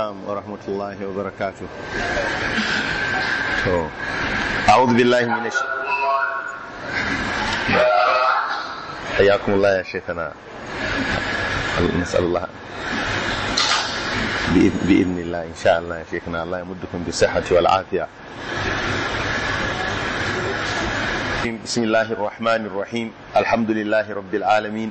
السلام ورحمة الله وبركاته أعوذ بالله من الشيطان حياكم الله يا شيخنا نسأل الله بإذن الله إن شاء الله يا شيخنا الله يمدكم بالصحة والعافية بسم الله الرحمن الرحيم الحمد لله رب العالمين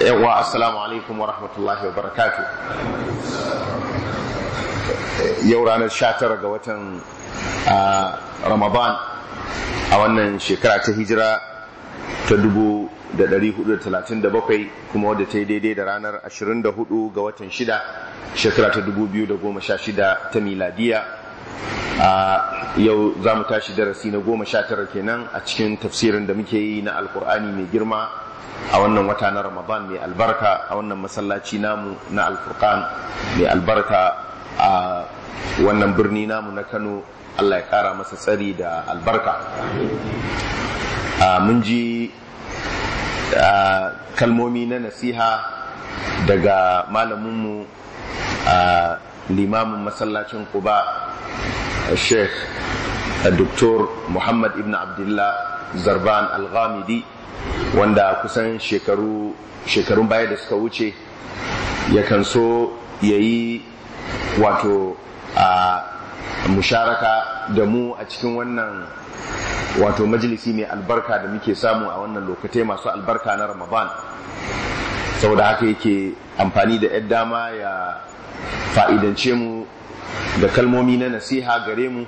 yawa assalamu alaikum wa rahmatullahi wa barakatu yau ranar 19 ga watan ramadan a wannan shekara ta hijira ta bakwai. kuma wadda ta yi daidai da ranar 24 ga watan 6 shekara ta 2016 ta miladiya a yau za mu tashi darasi na goma 19 kenan a cikin tafsirin da muke yi na alkur'ani mai girma a wannan wata na ramadan mai albarka a wannan masallaci namu na alfurkan mai albarka a wannan birni namu na kano allah ya kara masa tsari da albarka mun ji kalmomi na nasiha daga malaminmu a limamin masallacin kuba sheikh dr muhammad ibn abdullah zarban al-ghamidi wanda kusan shekaru shekarun baya da suka wuce ya kan so ya yi wato a musharaka da mu a cikin wannan wato majalisi mai albarka da muke samu a wannan lokacin masu albarka na ramadan saboda haka yake amfani da yadda dama ya fa'idance mu da kalmomi na nasiha gare mu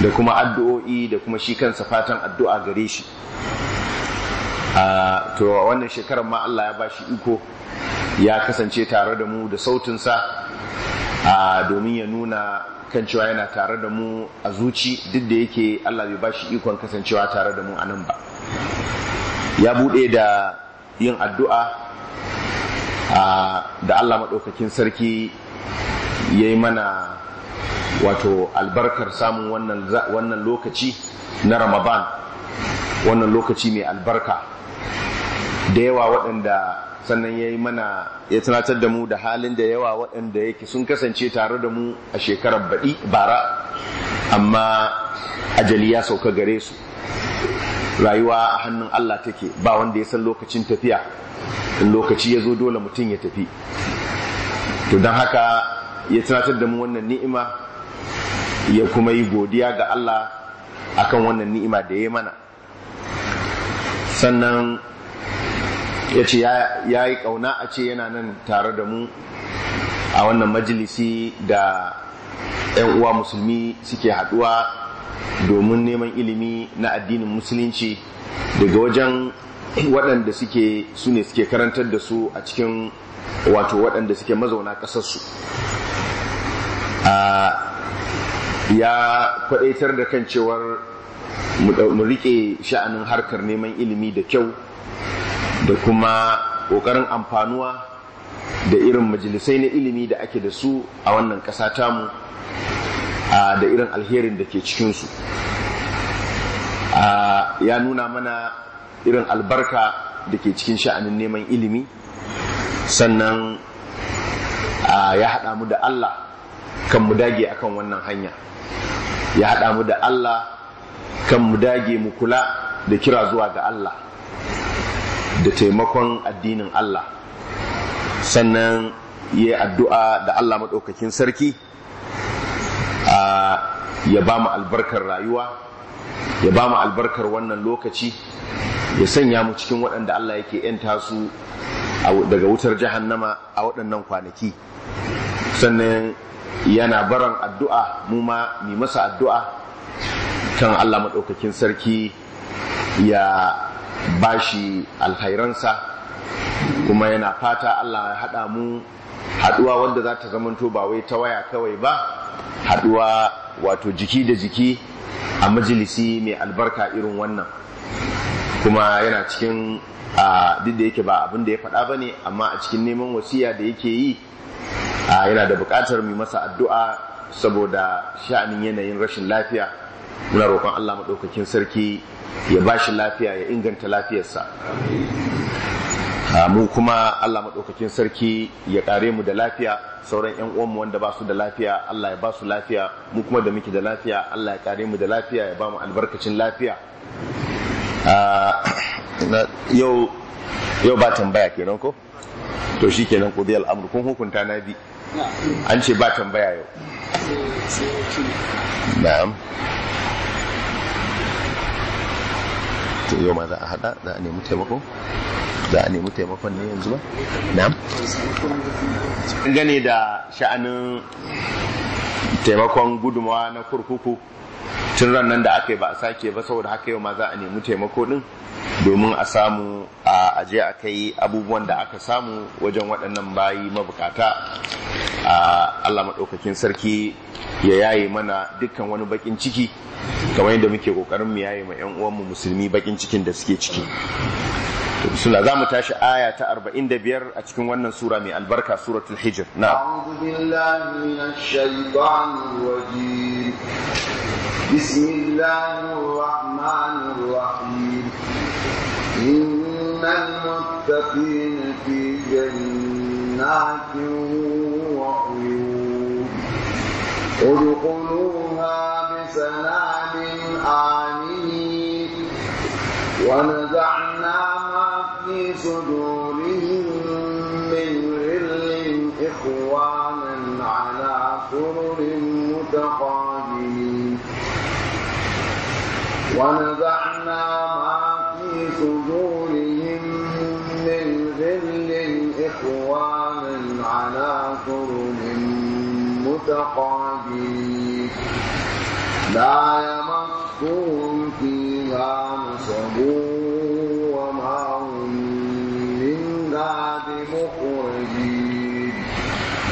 da kuma addu'o'i da kuma shi kansa fatan addu'a gare shi a wannan shekarar ma Allah ya bashi iko ya kasance tare da mu da sautinsa a domin ya nuna kan cewa yana tare da mu a zuci duk da yake Allah bai bashi ikon kasancewa tare da mu a nan ba ya buɗe da yin addu'a da Allah maɗaukakin sarki ya yi mana wato albarkar samun wannan lokaci na Ramadan wannan lokaci mai albarka da yawa waɗanda sannan ya yi mana ya tunatar da mu da halin da yawa waɗanda yake sun kasance tare da mu a shekarar baɗi bara amma ajali ya sauka gare su rayuwa a hannun Allah take ba wanda ya san lokacin tafiya in lokaci ya zo dole mutum ya tafi to don haka ya tunatar da mu wannan ni'ima ya kuma yi godiya ga Allah akan wannan ni'ima da ya mana sannan ya ce ya yi kauna a ce yana nan tare da mu a wannan majalisi da 'yan uwa musulmi suke haduwa domin neman ilimi na addinin musulunci daga wajen waɗanda suke su ne suke karantar da su a cikin wato waɗanda suke mazauna ƙasarsu ya kwaɗaitar da kan cewar mu rike sha'anin harkar neman ilimi da kyau da kuma ƙoƙarin amfanuwa da irin majalisai na ilimi da ake da su a wannan ƙasa tamu da irin alherin da ke cikinsu ya nuna mana irin albarka da ke cikin sha'anin neman ilimi sannan ya haɗa mu da Allah kan mu dage akan wannan hanya ya haɗa mu da Allah kan mu dage mu kula da kira zuwa ga Allah da taimakon addinin Allah sannan ya addu'a da Allah maɗaukakin sarki ya ba mu albarkar rayuwa ya ba mu albarkar wannan lokaci ya sanya mu cikin waɗanda Allah yake ‘yanta su daga wutar jahannama a waɗannan kwanaki sannan yana baran addu'a mu ma mai masa addu'a kan Allah maɗaukakin sarki ya bashi alkhairansa kuma yana fata Allah ya haɗa mu haɗuwa wanda za ta zamanto ba wai ta waya kawai ba haɗuwa wato jiki da jiki a majalisi mai albarka irin wannan kuma yana cikin duk da yake ba abin da ya faɗa ba ne amma a cikin neman wasiya da yake yi yana da buƙatar mai masa addu'a saboda sha'anin yanayin rashin lafiya muna roƙon Allah maɗaukakin sarki ya ba shi lafiya ya inganta lafiyarsa ah, mu kuma Allah maɗaukakin sarki ya ƙare mu da lafiya sauran 'yan uwanmu wanda ba su da lafiya Allah ya ba su lafiya mu kuma da muke da lafiya Allah ya ƙare mu da lafiya ya ba mu albarkacin lafiya ah, yau yau ba tambaya kenan ko to shi kenan ko biyar al'amur kun hukunta na bi an ce ba tambaya yau na'am to yau ma za a hada za a nemi taimako za a nemi taimakon ne yanzu ba na'am gane da sha'anin taimakon gudumawa na kurkuku tun ran nan da aka yi ba a sake ba saboda haka yau ma za a nemi taimako din domin a samu a aje a kai abubuwan da aka samu wajen waɗannan bayi mabukata a Allah maɗaukakin sarki ya yaye mana dukkan wani bakin ciki kamar yadda muke ƙoƙarin mu yaye ma 'yan uwanmu musulmi bakin cikin da suke ciki suna za mu tashi aya ta arba'in da biyar a cikin wannan sura mai albarka suratul hijr na بسم الله الرحمن الرحيم إن المتقين في جنات وعيون ادخلوها بسلام آمنين ونزعنا ما في صدورهم من غل إخوانا على سرر متقابلين ونزعنا ما في صدورهم من غل إخوانا على كرم متقابلين لا يمسهم فيها نصب وما هم منها بمخرجين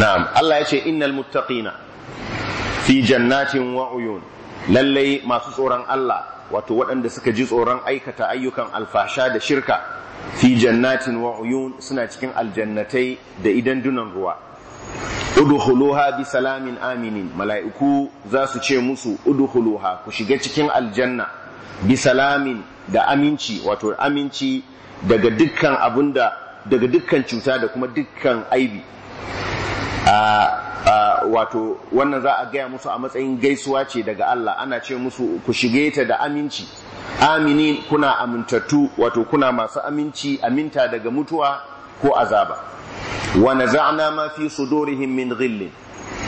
نعم الله يشهد إن المتقين fi jannatin wa lallai masu tsoron Allah wato waɗanda suka ji tsoron aikata ayyukan alfasha da shirka fi jannatin wa suna cikin aljannatai da idan dunan ruwa udkhuluha bi salamin aminin mala'iku za su ce musu udkhuluha ku shiga cikin aljanna bi salamin da aminci wato aminci daga dukkan abunda daga dukkan cuta da kuma dukkan aibi ah, wato wannan za a gaya musu a matsayin gaisuwa ce daga Allah ana ce musu ku shige ta da aminci Amini, kuna amintattu wato kuna masu aminci aminta daga mutuwa ko azaba wa naza'na ma fi sudurihim min ghillin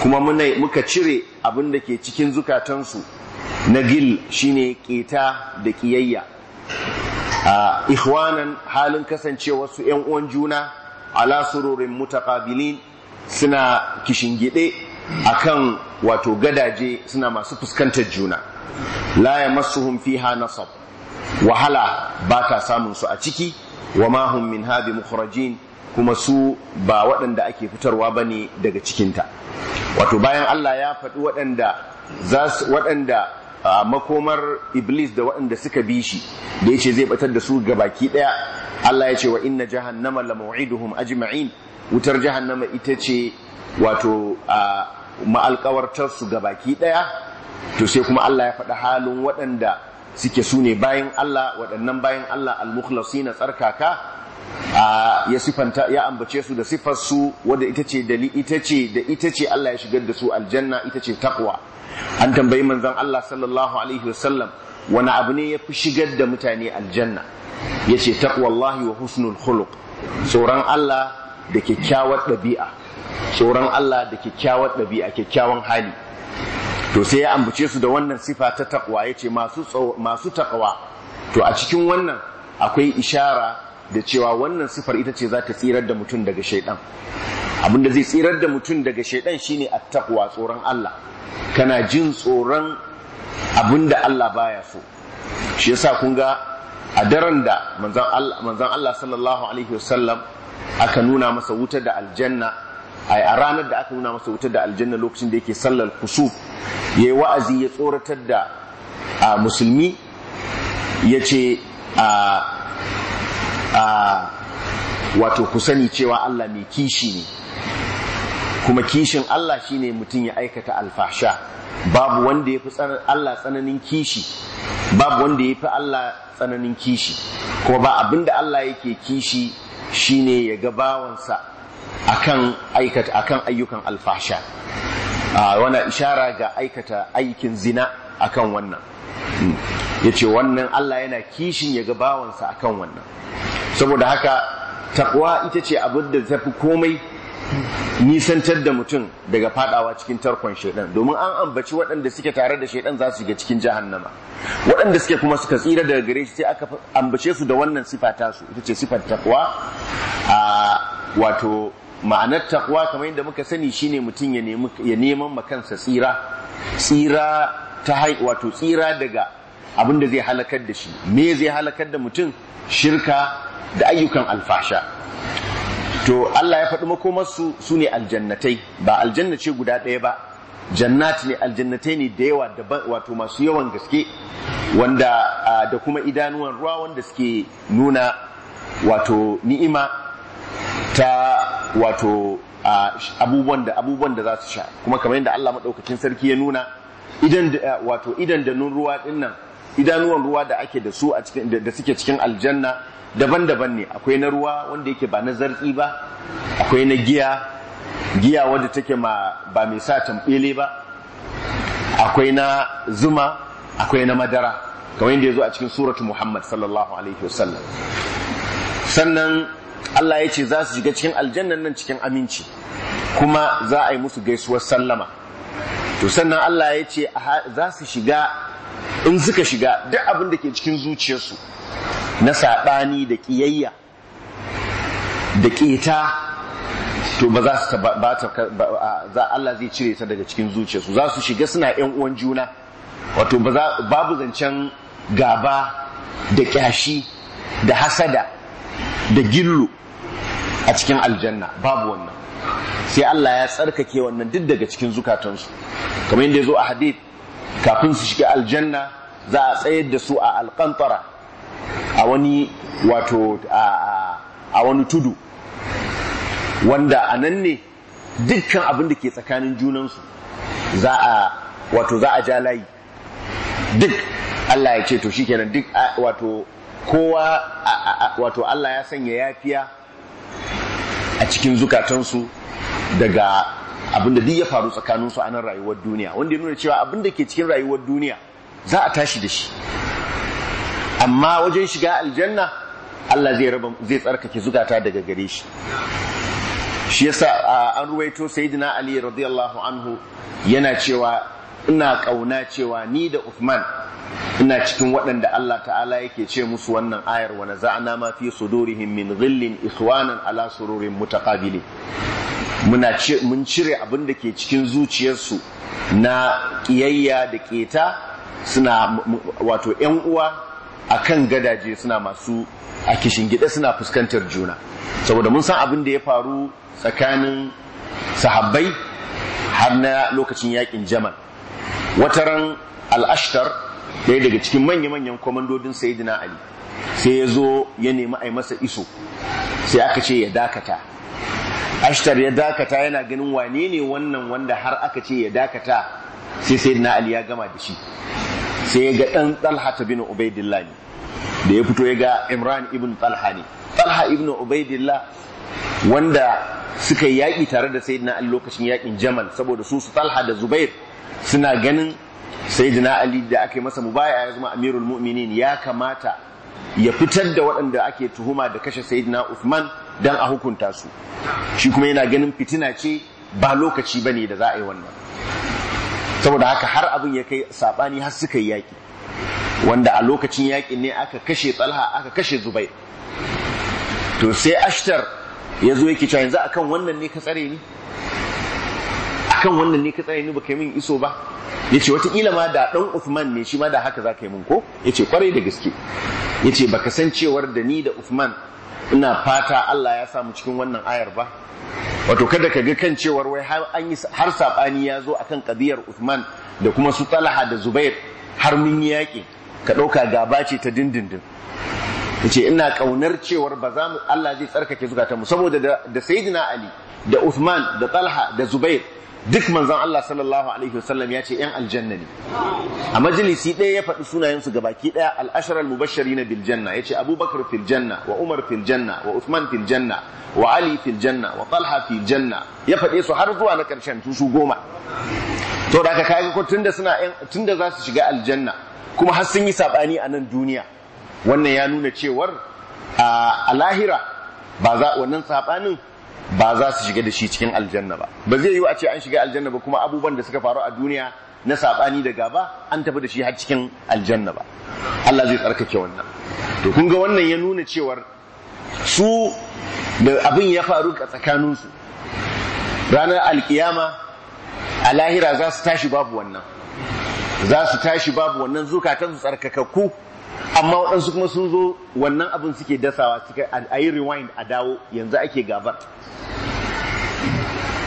kuma muka cire abin da ke cikin zukatansu na gil shine keta da kiyayya a ihwanan halin wasu yan uwan juna ala sururin mutaqabilin suna kishin kishingide kan wato gadaje suna masu fuskantar juna la yamassuhum fiha nasab wahala ba ta samun su a ciki wa ma min habi mukhrajin kuma su ba waɗanda ake fitarwa ba ne daga cikinta wato bayan Allah ya faɗi waɗanda waɗanda makomar iblis da waɗanda suka bi shi da ya ce zai batar da su ga baki ɗaya Allah ya ce wa inna jahannama la maw'iduhum ajma'in wutar jahannama ita ce wato a ma'alkawartar su ga baki ɗaya to sai kuma Allah ya faɗa halin waɗanda suke su ne bayan Allah waɗannan bayan Allah al na tsarkaka ya sifanta ya ambace su da sifar su wadda ita ce dali ita ce da ita ce Allah ya shigar da su aljanna ita ce takwa an tambayi manzon Allah sallallahu alaihi wasallam wani abu ne ya fi shigar da mutane aljanna ya ce taqwallahi wa husnul khuluq tsoron Allah da kyakkyawar ɗabi'a tsoron Allah da kyakkyawar ɗabi'a kyakkyawan hali to sai ya ambace su da wannan sifa ta takwa ya ce masu takawa to a cikin wannan akwai ishara da cewa wannan sifar ita ce za ta tsirar da mutum daga shaidan abinda zai tsirar da mutum daga shaidan shine a takwa tsoron Allah kana jin tsoron abin da Allah baya so shi yasa kun ga a daren da manzan Allah sallallahu alaihi wasallam aka nuna masa wutar da aljanna ai a ranar da aka nuna masa wutar da aljanna lokacin da yake sallar kusuf yayi wa'azi ya tsoratar da musulmi yace a a wato ku sani cewa Allah mai kishi ne kuma kishin Allah shine mutum ya aikata alfasha babu wanda ya fi Allah tsananin kishi babu wanda ya fi Allah tsananin kishi kuma ba abinda Allah yake kishi shine ya ga bawansa akan aikata akan ayyukan alfasha wani ishara ga aikata aikin zina akan wannan hmm. yace wannan Allah yana kishin ya ga bawansa akan wannan saboda haka takwa ita ce abin da tafi komai nisantar da mutum daga fadawa cikin tarkon shaidan domin an ambaci waɗanda suke tare da shaidan za su shiga cikin jahannama waɗanda suke kuma suka tsira daga gare shi sai aka ambace su da wannan sifa su ita ce sifar takwa a wato ma'anar takwa kamar yadda muka sani shine mutum ya neman makansa tsira tsira ta wato tsira daga abin da zai halakar da shi me zai halakar da mutum shirka da ayyukan alfasha to Allah ya faɗi makomarsu su ne aljannatai ba aljanna guda ɗaya ba jannat ne aljannatai ne da yawa wato masu yawan gaske wanda da kuma idanuwan ruwa wanda suke nuna wato ni'ima ta wato abubuwan da za su sha kuma kamar yadda Allah maɗaukacin sarki ya nuna idan wato idan da nun ruwa ɗin nan idanuwan ruwa da ake da su da suke cikin aljanna daban-daban ne akwai na ruwa wanda yake ba na zartsi ba akwai na giya giya wanda take ma ba mai sa tambele ba akwai na zuma akwai na madara kamar yadda ya zo a cikin suratu muhammad sallallahu alaihi wasallam sannan Allah ya ce za su shiga cikin aljannan nan cikin aminci kuma za a yi musu gaisuwar sallama to sannan Allah ya ce za su shiga in suka shiga duk abin da ke cikin zuciyarsu na saɓani da ƙiyayya da ƙeta to ba za su za Allah zai cire ta daga cikin zuciyarsu za su shiga suna ‘yan uwan juna wato ba babu zancen gaba da ƙyashi da hasada da gillu a cikin aljanna babu wannan sai Allah ya tsarkake wannan duk daga cikin zukatansu kamar yadda ya zo a hadith kafin su shiga aljanna za a tsayar da su a alkantara a wani wato a wani tudu wanda a nan ne dukkan abin da ke tsakanin junansu za a wato za a ja layi duk Allah ya ce to shikenan duk wato kowa wato Allah ya sanya yafiya a cikin zukatansu daga abinda duk ya faru tsakanin su a nan rayuwar duniya wanda ya nuna cewa abinda ke cikin rayuwar duniya za a tashi da shi amma wajen shiga aljanna Allah zai raba zai tsarkake zukata daga gare shi shi yasa an ruwaito sayyidina Ali radiyallahu anhu yana cewa ina kauna cewa ni da Uthman ina cikin waɗanda Allah ta'ala yake ce musu wannan ayar wa naza'na ma fi sudurihim min ghillin ikhwanan ala sururin mutaqabilin mun cire abin da ke cikin zuciyarsu na ƙiyayya da ƙeta suna wato ‘yan uwa a kan gadaje suna masu a kishin gida suna fuskantar juna saboda mun san abin da ya faru tsakanin sahabbai har na lokacin yakin jamal wataran al'ashtar ɗaya daga cikin manya-manyan kwamandodin sayidina ali sai ya zo ya nemi a masa iso sai aka ce ya dakata ashtar ya dakata yana ganin wane ne wannan wanda har aka ce ya dakata sai sai na ali ya gama da shi sai ya ga ɗan talha ta bin ubaidillah ne da ya fito ya ga imran ibn talha ne talha ibn ubaidillah wanda suka yaƙi tare da sayyidina ali lokacin yaƙin jamal saboda su su talha da zubair suna ganin sayyidina ali da aka yi masa mubaya ya zama amirul mu'minin ya kamata ya fitar da waɗanda ake tuhuma da kashe sayyidina Usman dan a hukunta su shi kuma yana ganin fitina ce ba lokaci ba ne da za a yi wannan saboda haka har abin ya kai saɓani har suka yi yaƙi wanda a lokacin yaƙi ne aka kashe tsalha aka kashe zubai to sai ashtar ya zo yake cewa yanzu akan wannan ne ka tsare ni akan wannan ne ka tsare ni baka yi min iso ba yace wataƙila ma da ɗan Uthman ne shi ma da haka za ka yi min ko yace kwarai da gaske yace baka san cewar da ni da Uthman ina fata Allah ya samu cikin wannan ayar ba wato kada ka ga kan cewar wai har an yi har sabani ya zo akan kadiyar Uthman da kuma su Talha da Zubair har mun yi yaki ka dauka gaba ce ta dindindin yace ina kaunar cewar ba za mu Allah zai tsarkake zukatan mu saboda da, da Sayyidina Ali da Uthman da Talha da Zubair duk manzon Allah sallallahu alaihi wasallam ya ce yan aljanna ne a majalisi ɗaya ya faɗi sunayen su gabaki ɗaya al-ashara al na bil janna yace Abubakar Filjanna wa Umar Filjanna wa Usman Filjanna wa Ali Filjanna janna wa Talha fil ya faɗe su har zuwa na ƙarshen su goma to da aka kai ko tunda suna tunda za su shiga aljanna kuma har sun yi sabani a nan duniya wannan ya nuna cewar a lahira ba za wannan sabanin ba za su shiga da shi cikin aljanna ba ba zai yi a ce an shiga aljanna ba kuma abubuwan da suka faru a duniya na sabani da gaba an tafi da shi har cikin aljanna ba Allah zai tsarkake wannan to kun ga wannan ya nuna cewar su da abin ya faru a tsakanin ranar alkiyama a lahira za su tashi babu wannan za su tashi babu wannan zukatan su tsarkakakku amma waɗansu kuma sun zo wannan abin suke dasawa suka a yi rewind a dawo yanzu ake gabar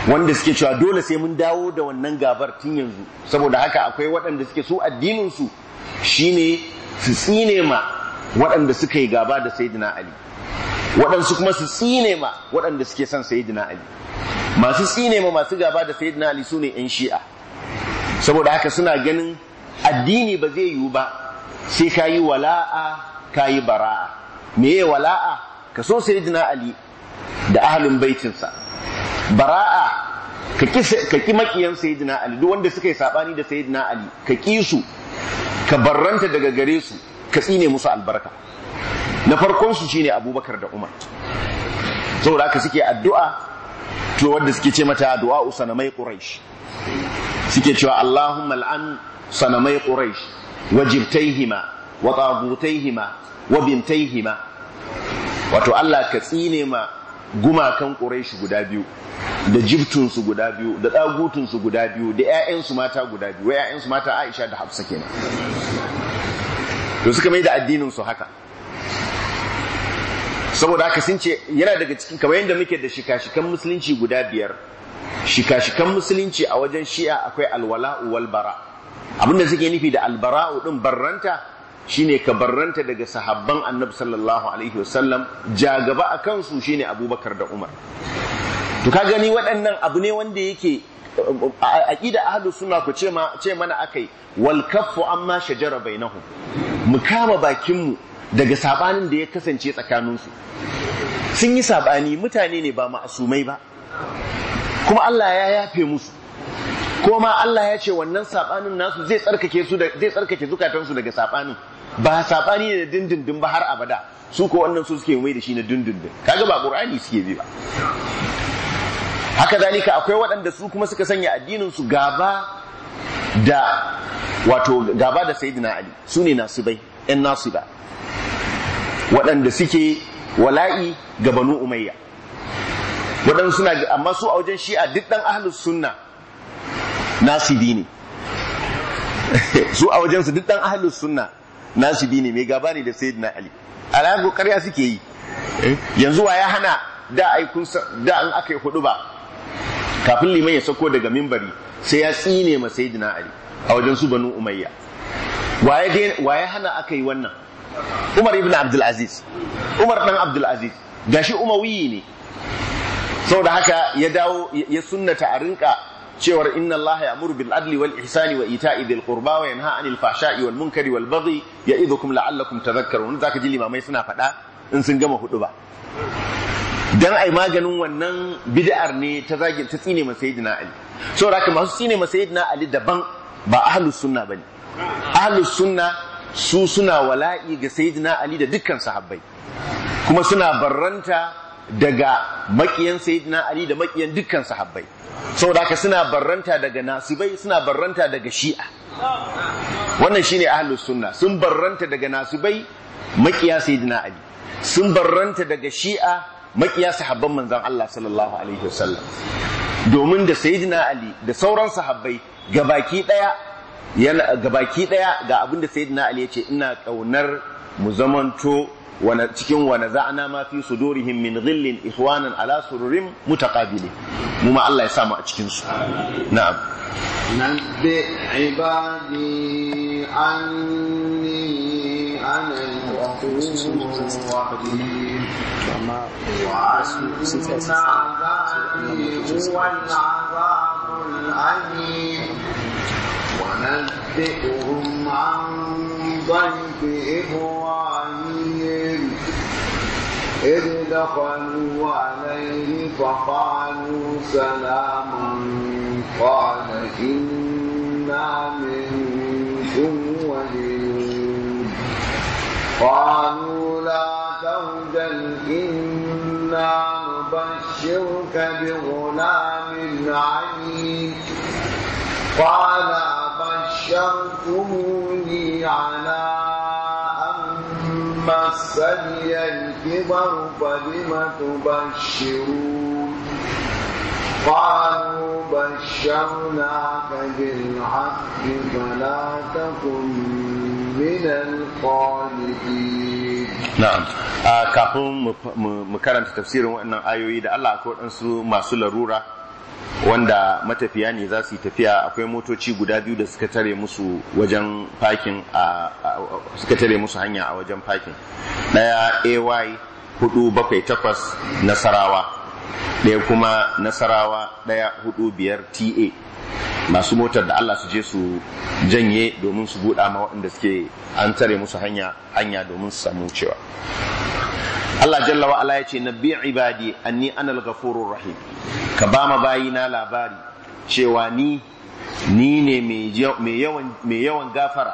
wanda suke cewa dole sai mun dawo da wannan gabar tun yanzu saboda haka akwai waɗanda suke su addininsu shine su tsine ma waɗanda suka yi gaba da sayyidina ali waɗansu kuma su tsine ma waɗanda suke son sayyidina ali masu tsine ma masu gaba da sayyidina ali su ne 'yan shi'a saboda haka suna ganin addini ba zai yiwu ba sai ka yi wala'a ka yi bara'a meye wala'a ka so sayyidina ali da ahalin baitinsa bara'a ka ki makiyan sayyidina ali duk wanda suka yi sabani da sayyidina ali ka ki su ka barranta daga gare su ka tsine musu albarka na farkon su shine abubakar da umar saboda haka suke addu'a to wanda suke ce mata addu'a mai quraish suke cewa allahumma al'an sanamai quraish wajibtaihima hima, wa tagutaihima wa bintaihima wato Allah ka tsine ma gumakan Quraish guda biyu da jibtunsu guda biyu da ɗagutunsu guda biyu da ‘ya'yansu mata guda biyu wa ‘ya'yansu mata Aisha da Hafsa kenan to suka mai da addininsu haka saboda haka sun ce yana daga cikin kamar yadda muke da shika-shikan musulunci guda biyar shika-shikan musulunci a wajen shi'a akwai alwala wal bara da suke nufi da albara'u din barranta shine ka barranta daga sahabban annabi sallallahu alaihi wasallam jagaba a kansu shine abubakar da umar to ka gani waɗannan abu ne wanda yake aqida ahlu suna ku ce ma ce mana akai wal kaffu amma shajara bainahum mu kama bakin mu daga sabanin da ya kasance tsakaninsu sun yi sabani mutane ne ba asumai ba kuma Allah ya yafe musu ko ma Allah ya ce wannan sabanin nasu zai tsarkake su zai tsarkake zukatansu daga sabanin ba sabani ne da dindindin ba har abada su ko wannan su suke mai da shi na dindindin kaga ba qur'ani suke bi ba haka zalika akwai waɗanda su kuma suka sanya addinin su gaba da wato gaba da sayyidina ali su ne nasibai yan nasiba waɗanda suke wala'i ga banu umayya waɗanda suna amma su a wajen shi'a duk ɗan ahlus sunna nasibi ne su a wajensu duk dan ahlus sunna nasibi ne mai gaba ne da sayyidina ali alago ƙarya suke yi yanzu wa ya hana da ai da an aka yi hudu ba kafin liman ya sako daga mimbari sai ya tsine ma sayyidina ali a wajen su banu umayya wa ya hana aka yi wannan umar ibn abdul umar dan abdul aziz gashi umawiyi ne saboda haka ya dawo ya sunnata a rinka cewar inna allaha muru bil adli wal ihsani wa ita'i bil qurba wa yanha 'anil fahsha'i wal munkari wal baghi ya'idhukum la'allakum tadhakkarun zaka ji limamai suna faɗa in sun gama hudu ba dan ai maganin wannan bid'ar ne ta zagin ta tsine ma sayyidina ali saboda haka masu tsine ma sayyidina ali daban ba ahlus sunna bane ahlus sunna su suna wala'i ga sayyidina ali da dukkan sahabbai kuma suna barranta daga makiyan sayyidina ali da makiyan dukkan sahabbai saboda haka suna barranta daga nasibai suna barranta daga shi'a wannan shine ahlus sunna sun barranta daga nasibai makiya sayyidina ali sun barranta daga shi'a makiya habban Manzan Allah sallallahu alaihi wasallam domin da sayyidina ali da sauran sahabbai gabaki daya yana gabaki daya ga abin da sayyidina ali ya ce ina kaunar mu zamanto cikin wa naza'na ma fi sudurihim min ghillin ikhwanan ala sururin mutaqabili mu ma Allah ya samu a cikin su na'am nabbi ibadi anni ana ونبئهم عن ضيف إبراهيم إذ دخلوا عليه فقالوا سلاما قال إنا منكم وجلون قالوا لا توجل إنا نبشرك بغلام عليم قال أبشرتموني على مسني الكبر فبم تبشرون قالوا بشرناك بالحق فلا تكن من القانتين na'am kafin mu karanta tafsirin waɗannan ayoyi da Allah akwai waɗansu masu larura wanda matafiya ne za su yi tafiya akwai motoci guda biyu da suka tare musu wajen a suka tare musu hanya a wajen parking daya AY 478 Nasarawa daya kuma Nasarawa daya biyar TA masu motar da Allah su je su janye domin su buɗa ma waɗanda suke an tare musu hanya hanya domin su samu cewa Allah jalla wa ala yace nabbi ibadi anni anal ghafurur rahim ka ba ma bayina labari cewa ni ni ne mai yawan mai yawan gafara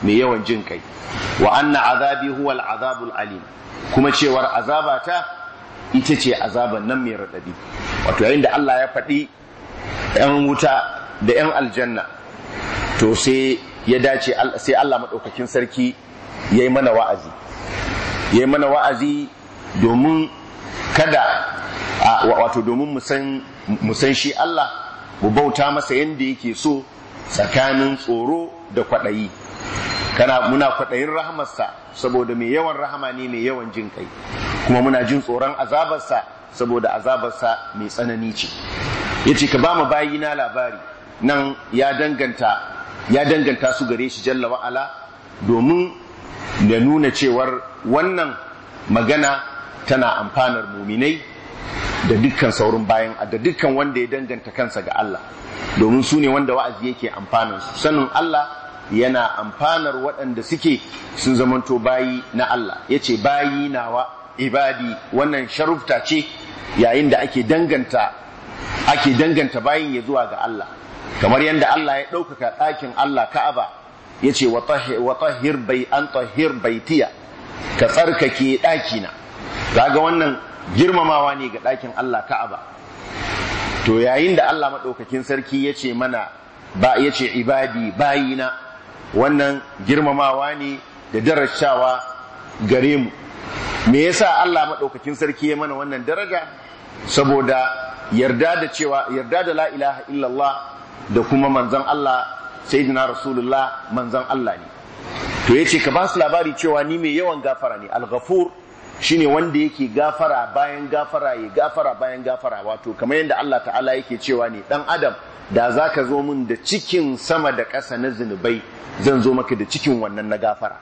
mai yawan jin kai wa anna azabi huwal azabul alim kuma cewar azabata ita ce azaban nan mai radadi wato yayin da Allah ya faɗi yan wuta da yan aljanna to sai ya dace sai Allah madaukakin sarki yayi mana wa'azi yayi mana wa'azi domin kada wato domin mu san shi Allah mu bauta masa yadda yake so tsakanin tsoro da kwaɗayi kana muna kwaɗayin rahamarsa saboda mai yawan rahama ne mai yawan jin kai kuma muna jin tsoron azabarsa saboda azabarsa mai tsanani ce ya ce ka ba mu bayi na labari nan ya danganta ya danganta su gare shi jalla wa'ala domin da nuna cewar wannan magana tana amfanar muminai da dukkan saurin bayan da dukkan wanda ya danganta kansa ga Allah domin su ne wanda wa'azi yake amfanar su sanin Allah yana amfanar waɗanda suke sun zamanto bayi na Allah yace bayi nawa ibadi wannan sharufta ce yayin da ake danganta ake danganta bayin ya zuwa ga Allah kamar yadda Allah ya ɗaukaka ɗakin Allah Ka'aba yace wa tahhir bai an tahhir baitiya ka tsarkake ɗakina kaga wannan girmamawa ne ga ɗakin Allah Ka'aba to yayin da Allah maɗaukakin sarki ya ce mana ba ya ce ibadi bayina wannan girmamawa ne da darashawa gare mu me yasa Allah maɗaukakin sarki ya mana wannan daraja saboda yarda da cewa yarda da la ilaha illallah da kuma manzan Allah sayyidina rasulullah manzan Allah ne to yace ka ba su labari cewa ni mai yawan gafara ne al-ghafur shine wanda yake gafara bayan gafara ya gafara bayan gafara wato kamar yadda Allah ta'ala yake cewa ne dan adam da zaka zo min da cikin sama da ƙasa na zunubai zan zo maka da cikin wannan na gafara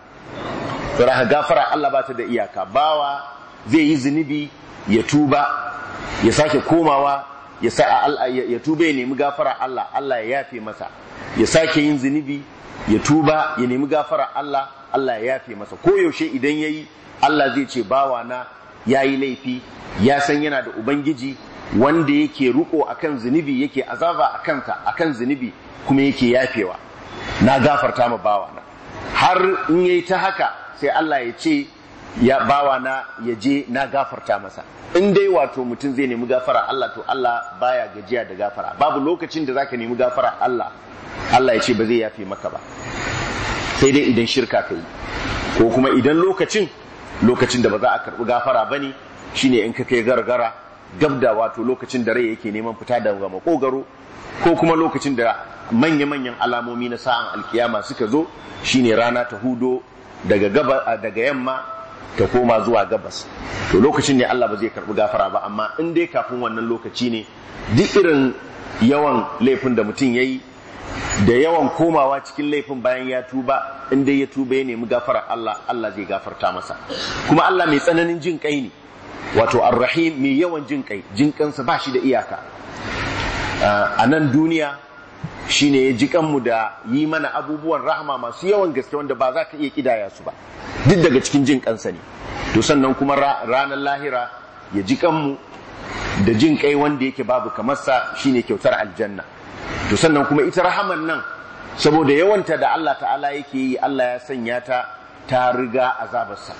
to gafara Allah bata da iyaka bawa zai yi zunubi ya tuba ya sake komawa ya sa ya tuba ya nemi gafara Allah Allah ya yafe masa ya sake yin zunubi ya tuba ya nemi gafara Allah Allah ya yafe masa ko yaushe idan yayi Allah zai ce bawana ya yi laifi ya san yana da ubangiji wanda yake ruko akan zunubi yake azaba kanta a akan zunubi kuma yake yafewa na gafarta ma bawana har in yayi ta haka sai Allah ya ce ya bawana ya je na gafarta masa in dai wato mutum zai nemi gafara Allah to Allah baya gajiya da gafara babu lokacin da zaka nemi gafara Allah Allah ya ce ba zai yafe maka ba sai dai idan shirka ka yi ko kuma idan lokacin lokacin da ba za a karɓi gafara ba ne shine in ka kai gargara gab da wato lokacin da rai yake neman fita daga makogaro ko kuma lokacin da manya-manyan alamomi na sa'an alkiyama suka zo shine rana ta hudo daga gaba daga yamma ta koma zuwa gabas to lokacin ne Allah ba zai karɓi gafara ba amma in dai kafin wannan lokaci ne duk irin yawan laifin da mutum ya yi. da yawan komawa cikin laifin bayan ya tuba in dai ya tuba ya nemi gafarar Allah Allah zai gafarta masa kuma Allah mai tsananin jin kai ne wato arrahim mai yawan jin kai jin kansa ba shi da iyaka a nan duniya shine ya ji kanmu da yi mana abubuwan rahama masu yawan gaske wanda ba za ka iya kidaya su ba duk daga cikin jin kansa ne to sannan kuma ranar lahira ya ji kanmu da jin kai wanda yake babu kamarsa shine kyautar aljanna to sannan kuma ita rahaman nan saboda yawanta da Allah ta'ala yake yi Allah ya sanya ta ta riga azabarsa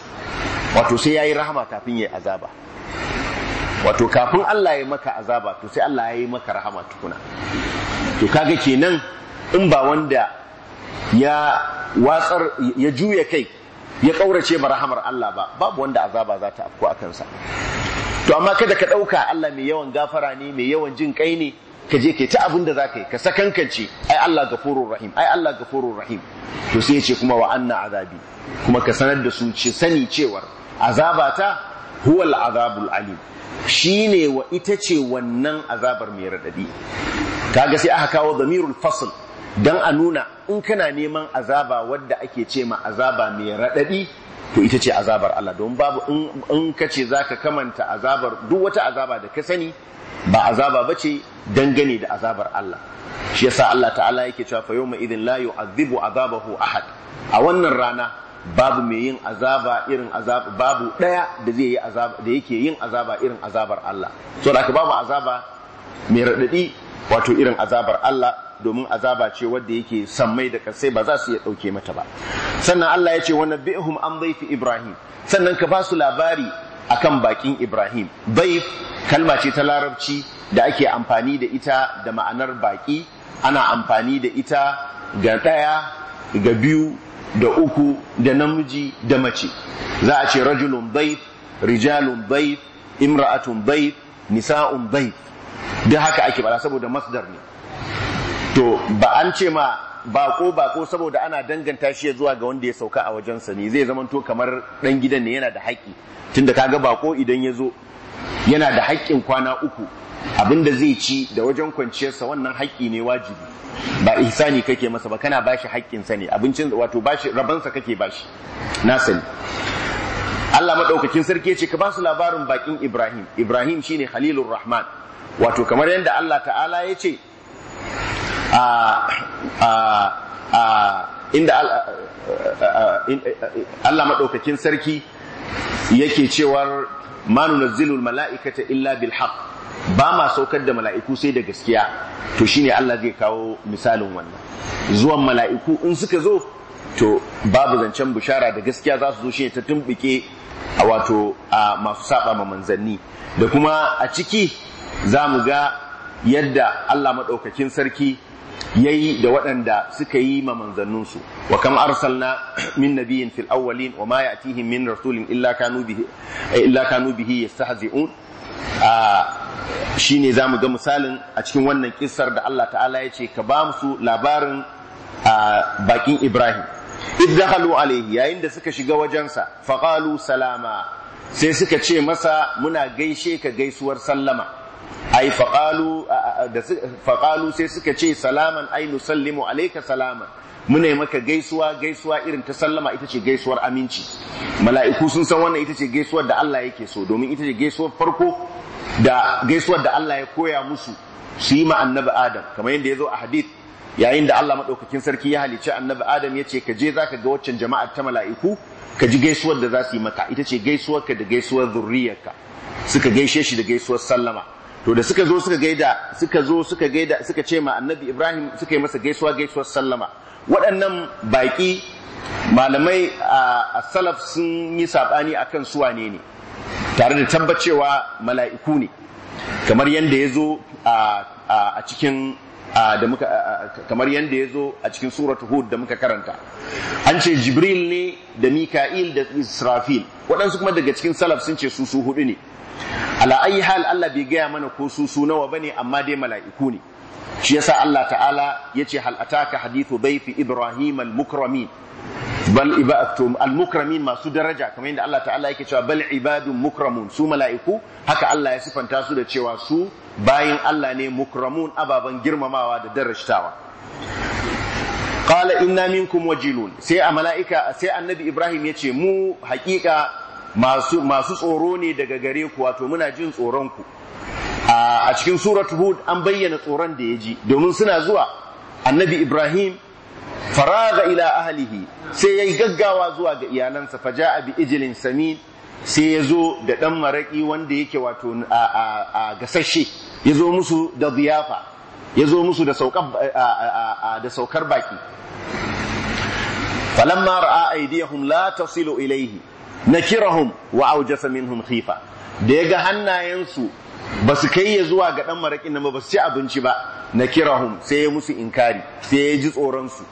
wato sai ya yi rahama kafin ya yi azaba wato kafin Allah ya maka azaba to sai Allah ya yi maka rahama tukuna to kaga kenan in ba wanda ya watsar ya juya kai ya kaurace ba rahamar Allah ba babu wanda azaba za ta afko a kansa to amma kada ka ɗauka Allah mai yawan gafara ne mai yawan jin kai ne ka je yi ta abin da ka yi ka sakankance ai Allah gafurur rahim ai Allah gafurur rahim to sai ya ce kuma wa anna azabi kuma ka sanar da su ce sani cewar azabata huwal azabul alim shine wa ita ce wannan azabar mai radadi kaga sai aka kawo damirul fasl dan a nuna in kana neman azaba wadda ake ce ma azaba mai radadi to ita ce azabar Allah don babu in ka ce za kamanta azabar duk wata azaba da ka sani ba azaba ba ce dangane da azabar Allah shi yasa Allah ta'ala yake cewa fa yawma idin la yu'adhibu azabahu ahad a wannan rana babu mai yin azaba irin azaba babu daya da zai yi azaba da yake yin azaba irin azabar Allah so da babu azaba mai radadi wato irin azabar Allah domin azaba ce wadda yake sammai da kasai ba za su iya dauke mata ba sannan Allah ya ce wa nabihum an baifi ibrahim sannan ka ba su labari akan bakin Ibrahim daif kalma ce ta larabci da ake amfani da ita da ma'anar baki ana amfani da ita ga ɗaya ga biyu da uku da namiji da mace za a ce rajulun daif rijalun daif imra'atun daif nisa'un daif da haka ake bada saboda masdar ne to ba an ce ma bako bako saboda ana danganta shi ya zuwa ga wanda ya sauka a wajen sa ne zai zamanto kamar dan gidan ne yana da haƙƙi tunda kaga bako idan ya zo yana da haƙƙin kwana uku abinda zai ci da wajen kwanciyarsa wannan haƙƙi ne wajibi ba ihsani kake masa ba kana bashi sa ne abincin wato bashi rabansa kake bashi na sani Allah madaukakin sarki ya ce ka ba su labarin bakin Ibrahim Ibrahim shine Khalilur Rahman wato kamar yadda Allah ta'ala ya ce inda Allah maɗaukakin sarki yake cewar manu zilul mala'ikata illa bil haq ba ma saukar da mala'iku sai da gaskiya to shine Allah zai kawo misalin wannan zuwan mala'iku in suka zo to babu zancen bishara da gaskiya za su zo shine ta tumbuke a wato a masu saba ma manzanni da kuma a ciki za mu ga yadda Allah maɗaukakin sarki yayi da waɗanda suka yi ma manzanninsu wa kam arsalna min nabiyin fil awwalin wa ma ya'tihim min rasulin illa kanu bihi illa kanu bihi yastahzi'un a shine zamu ga misalin a cikin wannan kissar da Allah ta'ala ya ce ka ba su labarin bakin Ibrahim id dakhalu alayhi yayin da suka shiga wajensa faqalu salama sai suka ce masa muna gaishe ka gaisuwar sallama ai faqalu sai suka ce salaman ai nusallimu alayka salaman muna maka gaisuwa gaisuwa irin ta sallama ita ce gaisuwar aminci mala'iku sun san wannan ita ce gaisuwar da Allah yake so domin ita ce gaisuwar farko da gaisuwar da Allah ya koya musu su yi ma annabi Adam kamar yadda ya zo a hadith yayin da Allah madaukakin sarki ya halice annabi Adam ya ce ka je zaka ga waccan jama'ar ta mala'iku ka ji gaisuwar da za su yi maka ita ce gaisuwarka da gaisuwar zurriyarka suka gaishe shi da gaisuwar sallama to da suka zo suka gaida suka zo suka gaida suka ce ma annabi ibrahim suka yi masa gaisuwa gaisuwar sallama waɗannan baƙi malamai a salaf sun yi saɓani a kan suwane ne tare da tabbacewa mala'iku ne kamar yadda ya zo a cikin da muka kamar yadda ya zo a cikin suratu hud da muka karanta an ce jibril ne da mika'il da israfil waɗansu kuma daga cikin salaf sun ce su su hudu ne ala ayi hal Allah bai gaya mana ko su su nawa bane amma dai mala'iku ne shi yasa Allah ta'ala yace hal ataka hadithu dayfi ibrahim al mukramin bal al mukramin masu daraja kamar yadda Allah ta'ala yake cewa bal ibadun mukramun su mala'iku haka Allah ya sifanta su da cewa su bayin Allah ne mukramun ababan girmamawa da darashtawa qala inna minkum wajilun sai a mala'ika sai annabi ibrahim yace mu haƙiƙa masu tsoro ne daga gare ku wato muna jin tsoron ku a cikin suratu hud an bayyana tsoron da ya ji domin suna zuwa annabi ibrahim faraga ila ahlihi sai ya yi gaggawa zuwa ga iyalansa a bi ijilin samin sai ya zo da ɗan maraƙi wanda yake wato a gasashe ya zo musu da ziyafa ya zo musu da saukar baƙi falamma ra'a aidiyahum la tasilu ilaihi nakirahum wa aujasa minhum khifa da ya ga hannayensu ba su kai ya zuwa ga ɗan maraƙin nan ba su ci abinci ba nakirahum sai ya musu inkari sai ya ji tsoron tsoronsu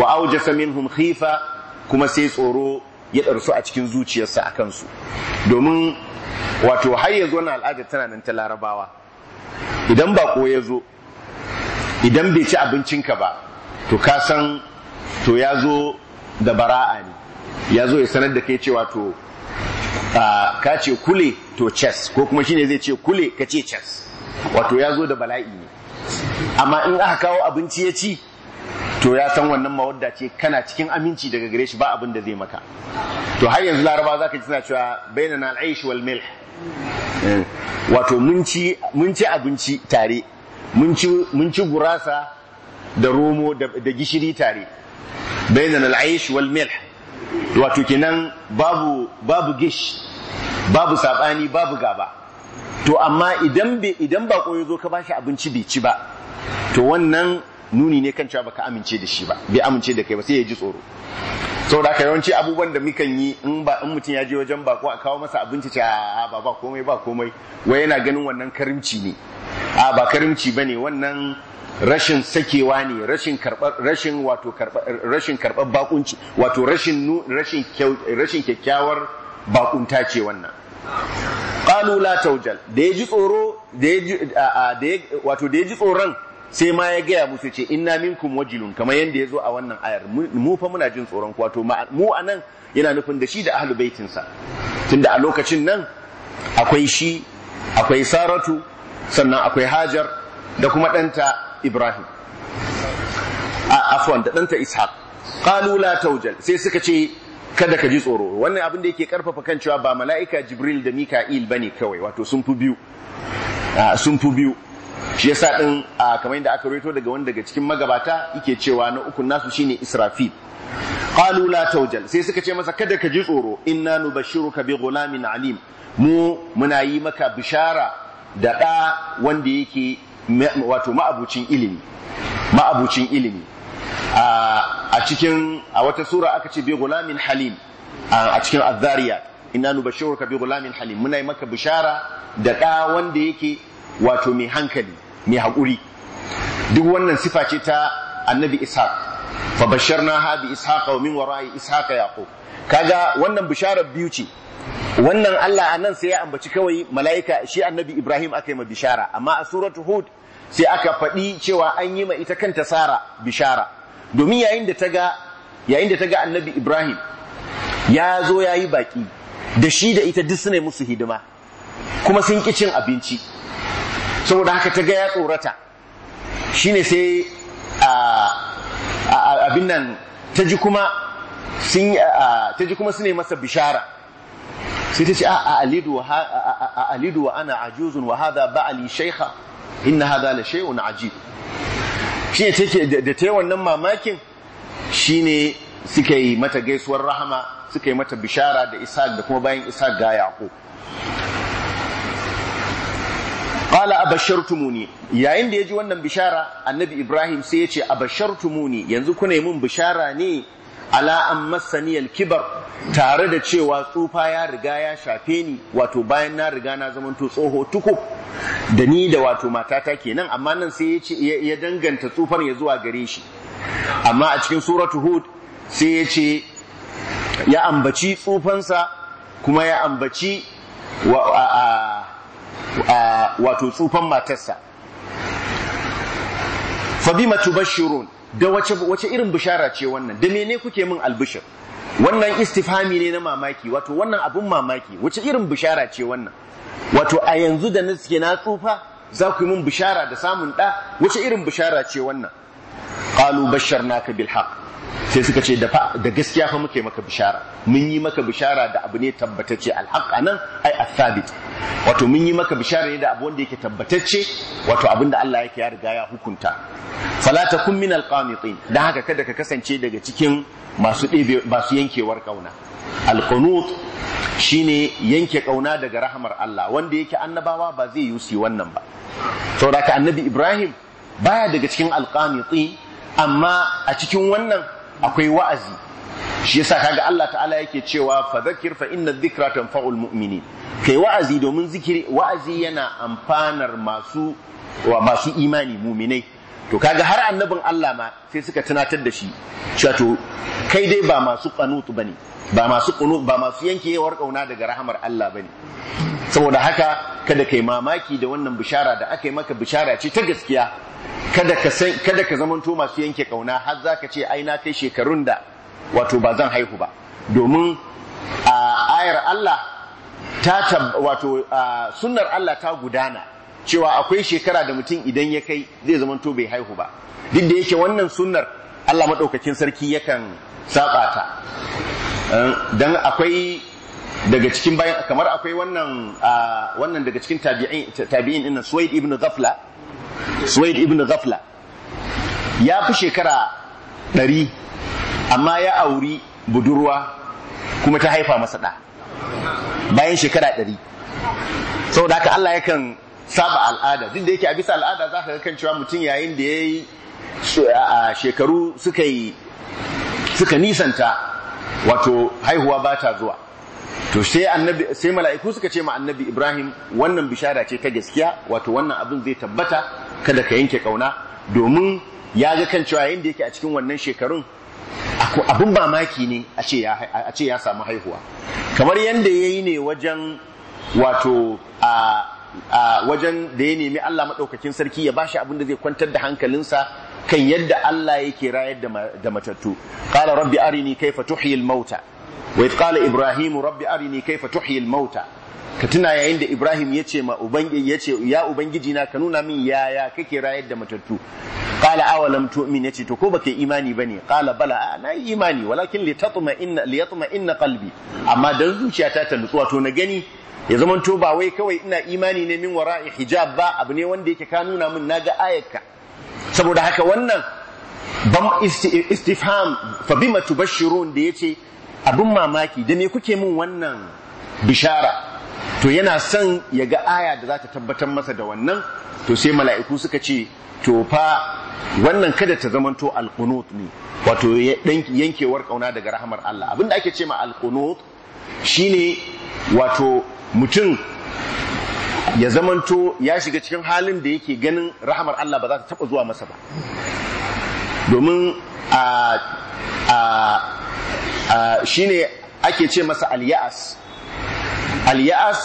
wa aujasa minhum khifa kuma sai tsoro ya ɗarsu a cikin zuciyarsa a kansu domin wato har ya zo na al'adar tana nan ta larabawa idan baƙo ya zo idan bai ci abincinka ba to ka san to ya zo da bara'a ne ya zo ya sanar da kai cewa to ka ce kule to chess ko kuma shi ne zai ce kule ka ce chess wato ya zo da bala'i ne amma in aka kawo abinci ya ci to ya san wannan mawadda ce kana cikin aminci daga gare shi ba abin da zai maka to har yanzu laraba za ka ji suna cewa bainana al'aish wal mil? Eh, wato mun ci abinci tare mun ci gurasa da romo da gishiri tare bainana al'aish wal mil. wato kenan babu babu gish babu sabani babu gaba to amma idan be idan bako ya zo ka bashi abinci bai ci ba to wannan nuni ne kan cewa baka amince da shi ba bai amince da kai ba sai ya ji tsoro saboda haka yawanci abubuwan da mukan yi in ba in mutum ya je wajen bako a kawo masa abinci ce a ba ba komai ba komai wai yana ganin wannan karimci ne a ba karimci bane wannan rashin sakewa ne rashin karɓar rashin wato rashin karɓar bakunci wato rashin rashin rashin kyakkyawar bakunta ce wannan qalu la tawjal da yaji tsoro da yaji wato da yaji tsoron sai ma ya gaya musu ce inna minkum wajilun kamar yanda zo a wannan ayar mu fa muna jin tsoron ku wato mu anan yana nufin da shi da ahlul baitin sa tunda a lokacin nan akwai shi akwai saratu sannan akwai hajar da kuma ɗanta ibrahim afwan da ɗanta ishaq qalu la tawjal sai suka ce kada ka ji tsoro wannan abin da yake karfafa kan cewa ba mala'ika jibril da mika'il ba ne kawai wato sun fi biyu sun fi biyu shi yasa a kamar yadda aka rawaito daga wanda daga cikin magabata yake cewa na ukun nasu shine israfil qalu la tawjal sai suka ce masa kada ka ji tsoro inna Kabiru bi min alim mu muna yi maka bishara da ɗa wanda yake wato ma'abucin ilimi ma'abucin ilimi a cikin a wata sura aka ce bi gulamin halim a cikin nuba inna ka bi gulamin halim muna yi maka bishara da ɗa wanda yake wato mai hankali mai haƙuri duk wannan sifa ce ta annabi ishaq fa basharna ha Ishaq ishaqa wa min wara'i ishaqa yaqub kaga wannan bisharar biyu ce wannan Allah a nan sai ya ambaci kawai mala'ika shi annabi Ibrahim aka yi ma bishara amma a suratu Hud sai aka faɗi cewa an yi ma ita kanta Sara bishara domin yayin da ta ga yayin da annabi Ibrahim ya zo ya yi baƙi da shi da ita duk suna musu hidima kuma sun ƙi cin abinci saboda haka ta ga ya tsorata shi ne sai abin nan ta ji kuma sun ta masa bishara sai ta ce a alidu wa ana ajuzun wa ba ba'ali shaykha inna hadha la shay'un shi ne take da ta wannan mamakin shine suka yi mata gaisuwar rahama suka yi mata bishara da isa da kuma bayan isa ga a bashar tumuni yayin da ya ji wannan bishara annabi Ibrahim sai ya ce tumuni yanzu kuna yi mun bishara ne ala an masaniyal kibar tare da cewa tsufa ya riga ya shafe ni wato bayan na riga na zamanto tsoho tuku da ni da wato matata kenan amma nan sai ya ce ya danganta tsufar ya zuwa gare shi amma a cikin suratu hud sai ya ce ya ambaci tsufansa kuma ya ambaci wato tsufan matarsa fa bima da wace irin bishara ce wannan da mene kuke min albishir wannan istifhami ne na mamaki wato wannan abun mamaki wace irin bishara ce wannan wato a yanzu da nake na tsufa za ku yi min bishara da samun ɗa? wace irin bishara ce wannan qalu basharnaka bil haqq sai suka ce da gaskiya fa muke maka bishara mun yi maka bishara da abu ne tabbatacce alhaq anan ai athabit wato mun yi maka bishara ne da abu wanda yake tabbatacce wato abinda da Allah yake ya riga ya hukunta Falata kun min alqanitin dan haka kada ka kasance daga cikin masu ɗebe masu yankewar kauna alqunut shine yanke ƙauna daga rahamar Allah wanda yake annabawa ba zai yusi wannan ba saboda annabi Ibrahim baya daga cikin alqanitin amma a cikin wannan akwai wa'azi shi yasa kaga Allah ta'ala yake cewa fa zakir fa inna dhikra tanfa'ul mu'minin kai wa'azi domin zikiri wa'azi yana amfanar masu wa masu imani muminai to kaga har annabin Allah ma sai suka tunatar da shi cewa to kai dai ba masu qanutu bane ba masu qunu ba masu yankewar kauna daga rahamar Allah bane saboda haka kada kai mamaki da wannan bishara da aka yi maka bishara ce ta gaskiya kada ka san kada ka zamanto masu yanke kauna har zaka ce ai na kai shekarun da wato ba zan haihu ba domin a ayar Allah ta wato sunnar Allah ta gudana cewa akwai shekara da mutum idan ya kai zai zama to bai haihu ba duk da yake wannan sunnar Allah madaukakin sarki yakan saba ta eh, dan akwai daga cikin bayan kamar akwai wannan wannan daga cikin tabi'in tabi'in din Suwaid ibn Ghafla Suwaid ibn Ghafla ya fi shekara ɗari amma ya auri budurwa kuma ta haifa masa ɗa bayan shekara ɗari saboda haka Allah yakan saba al'ada duk da yake a bisa al'ada za ka ga kan cewa mutum yayin da ya yi shekaru suka yi nisanta wato haihuwa ba ta zuwa to sai annabi mala'iku suka ce ma annabi Ibrahim wannan bishara ce ta gaskiya wato wannan abin zai tabbata kada ka yanke kauna domin ya ga kan cewa yayin da yake a cikin wannan shekarun abin mamaki ne a ce ya samu haihuwa kamar yadda ya yi ne wajen wato a a wajen da ya nemi Allah maɗaukakin sarki ya bashi abin da zai kwantar da hankalinsa kan yadda Allah yake rayar da matattu Kala rabbi arini kaifa tuhyil mauta wa qala ibrahim rabbi arini kaifa tuhyil mauta ka tuna yayin da ibrahim ya ce ma ya ubangiji na ka nuna min yaya kake rayar da matattu qala awalam tu'min yace to ko baka imani bane Kala bala na yi imani walakin li tatma inna li amma dan zuciyata ta nutsuwa to na gani ya zama to ba wai kawai ina imani ne min wara'i hijab ba abu ne wanda yake ka nuna min ga ayarka saboda haka wannan bam istifham fa bima tubashirun da yace abin mamaki da me kuke min wannan bishara to yana son ya ga aya da za ta tabbatar masa da wannan to sai mala'iku suka ce to fa wannan kada ta zamanto alkunut ne wato yankewar kauna daga rahamar Allah abin da ake ce ma alkunut shine wato mutum ya zamanto ya shiga cikin halin da yake ganin rahamar Allah ba za ta taba zuwa masa ba domin a a shine ake ce masa alya'as, aliyas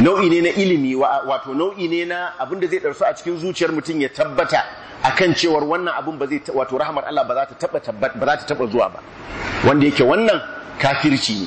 nau'i ne na ilimi wato nau'i ne na abin da zai ɗarsu a cikin zuciyar mutum ya tabbata akan cewar wannan abin ba zai wato rahamar Allah ba za ta taba ba za ta taba zuwa ba wanda yake wannan kafirci ne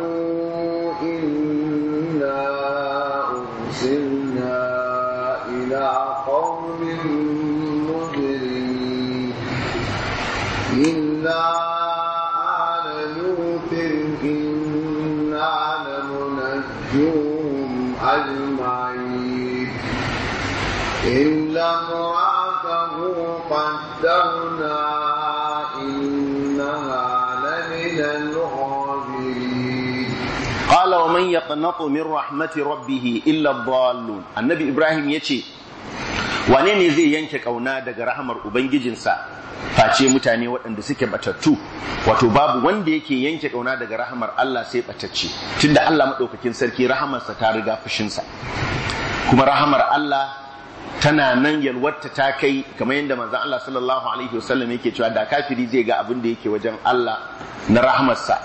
إلى آل لوط إنا لمنجوهم أجمعين إلا امرأته قدرنا إنها لمن الغابرين قال ومن يقنط من رحمة ربه إلا الضالون النبي إبراهيم يتي wane ne zai yanke ƙauna daga rahmar ubangijinsa face mutane waɗanda suke batattu wato babu wanda yake yanke ƙauna daga rahamar Allah sai batacce tunda Allah maɗaukakin sarki rahamarsa ta riga fushinsa kuma rahamar Allah tana nan yalwarta ta kai kamar yadda manzon Allah sallallahu alaihi wasallam yake cewa da kafiri zai ga abin da yake wajen Allah na rahamarsa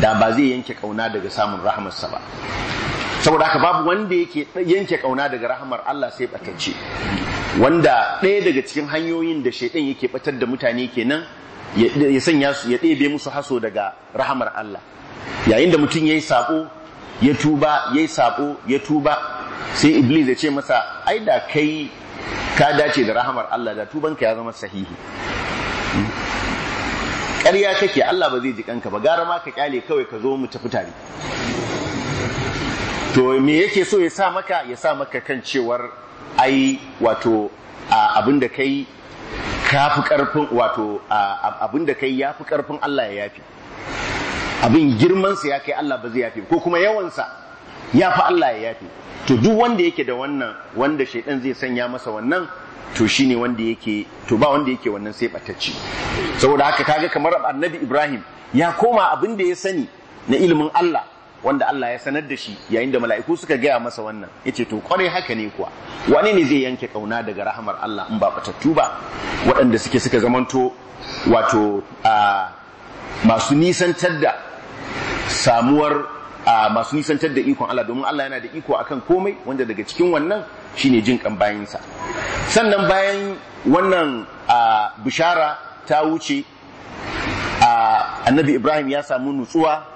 da ba zai yanke ƙauna daga samun rahamarsa ba saboda haka babu wanda yake yanke kauna daga rahamar Allah sai batacce wanda ɗaya daga cikin hanyoyin da shaidan yake batar da mutane kenan ya sanya su ya ɗebe musu haso daga rahamar Allah yayin da mutum yayi sabo ya tuba yayi sabo ya tuba sai iblis ya ce masa ai da kai ka dace da rahamar Allah da tubanka ya zama sahihi ƙarya kake Allah ba zai ji kanka ba gara ma ka kyale kawai ka zo mu tafi tare to me yake so ya sa maka ya sa maka kan cewar ai wato abin da kai kafi karfin wato abin da kai yafi karfin Allah ya yafi abin girman ya kai Allah ba zai yafi ko kuma yawan sa fi Allah ya yafi to duk wanda yake da wannan wanda shaidan zai sanya masa wannan to shine wanda yake to ba wanda yake wannan sai batacci saboda haka kaga kamar annabi ibrahim ya koma abin da ya sani na ilimin allah wanda Allah ya sanar da shi yayin da mala'iku suka gaya masa wannan yace to kwarai haka ne kuwa wani ne zai yanke kauna daga rahamar Allah in ba batattu ba waɗanda suke suka zamanto wato a masu nisantar da samuwar a masu nisantar da ikon Allah domin Allah yana da iko akan komai wanda daga cikin wannan shine jin kan bayansa sannan bayan wannan bishara ta wuce annabi Ibrahim ya samu nutsuwa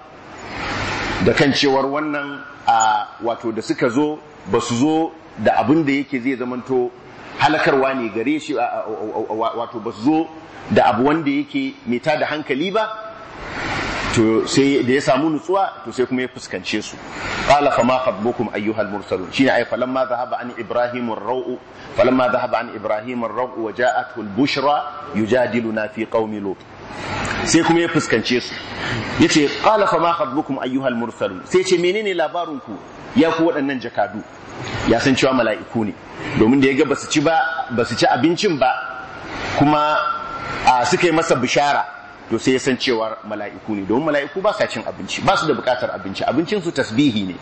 da kan cewar wannan a wato da suka zo ba su zo da abin da yake zai zamanto halakarwa ne gare shi wato ba su zo da abu wanda yake mai da hankali ba to sai da ya samu nutsuwa to sai kuma ya fuskance su qala fa ma khatbukum ayyuhal mursalun shine ay falamma dhahaba an ibrahim ar-ra'u falamma dhahaba an ibrahim ar-ra'u wa ja'atuhu al-bushra yujadiluna fi qaumi sai kuma ya fuskance su ya ce ƙala ma ayyuhal mursalu sai ce menene labarin ku ya ku waɗannan jakadu ya san cewa mala'iku ne domin da ya ga ba su ci abincin ba kuma a suka yi masa bishara to sai ya san cewa mala'iku ne domin mala'iku ba sa cin abinci ba su da bukatar abinci abincin su tasbihi ne